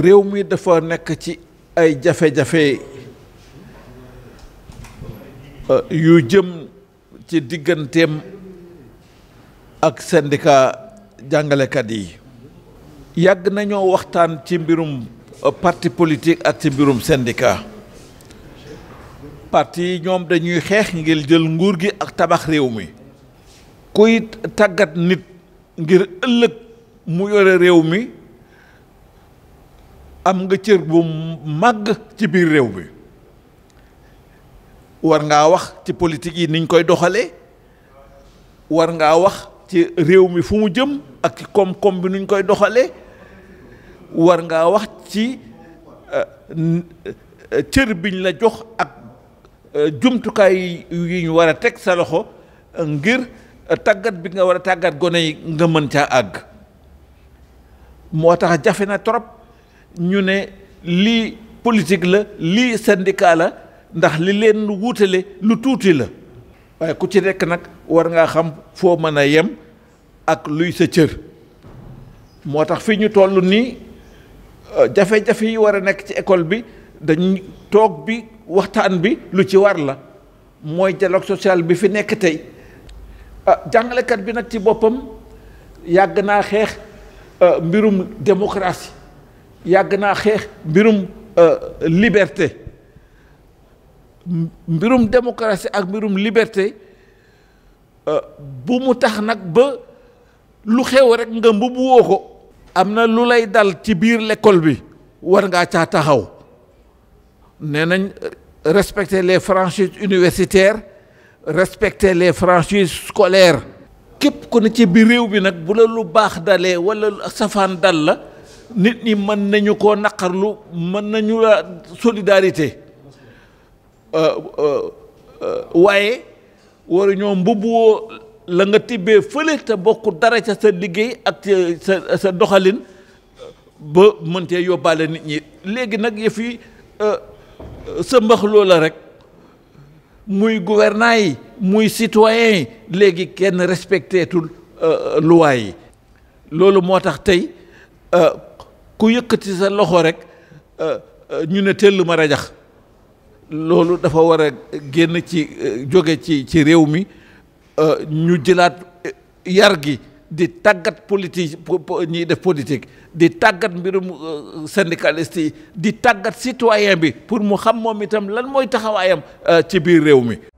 réew mi dafa nekk ci ay jafe-jafe euh, yu jëm ci digganteem ak syndicat jàngalekat yi yàgg nañoo waxtaan ci mbirum euh, parti politique ak ci mbirum syndicat parti yi ñoom dañuy xeex ngir jël nguur gi ak tabax réew mi kuy tàggat nit ngir ëllëg mu yore réew mi am nga cër bu màgg ci biir réew bi war ngaa wax ci politique yi niñ koy doxalee war ngaa wax ci réew mi fu mu jëm ak ci koom-koom bi nuñ koy doxalee war ngaa wax ci euh, cër biñ la jox ak euh, jumtukaay yi ñu war a teg sa loxo ngir tàggat bi nga war a tàggat gone yi nga mën caa àgg moo tax jafe na trop. ñu ne lii politique la lii syndicat la ndax li leen wuutale lu tuuti la waaye ku ci nekk nag war ngaa xam foo mën a yem ak luy sa cër moo tax fi ñu toll nii euh, jafe-jafe yi war a nekk ci école bi dañ toog bi waxtaan bi lu ci war la mooy dialogue social bi fi nekk tey ah jàngalekat bi nag ci boppam yàgg naa xeex euh, mbirum démocratie yàgg naa xeex mbirum liberté mbirum اك ak mbirum بو موتاخ mu با لو خيو lu xew rek nga mbubb woo ko am na lu lay dal ci biir l'école bi war ngaa caa taxaw nee respecter les franchises universitaires respecter les franchises scolaires kep ko ne ci biir rew bi nak bu la lu bax dalé wala safan dal la nit ñi mën nañu koo naqarlu mën nañu la euh, solidarité euh, euh, waaye waru ñoo mbubboo la nga tibbee fële te bokk dara ca sa liggéey ak sa sa doxalin ba mën cee yóbbaale nit ñi léegi nag yëf yi sa mbax loola rek muy gouvernant yi muy citoyen yi léegi kenn respecteetul luwaay yi loolu moo tax tey ku yëkkati sa loxo rek euh, euh, ñu ne tell ma rajax loolu dafa war a génn ci euh, jóge ci ci réew mi ñu jëlaat yar gi di tàggat politique ñiy def politique di tàggat mbirum syndicaliste yi di tàggat citoyen bi pour mu xam moom itam lan mooy taxawaayam ci biir réew mi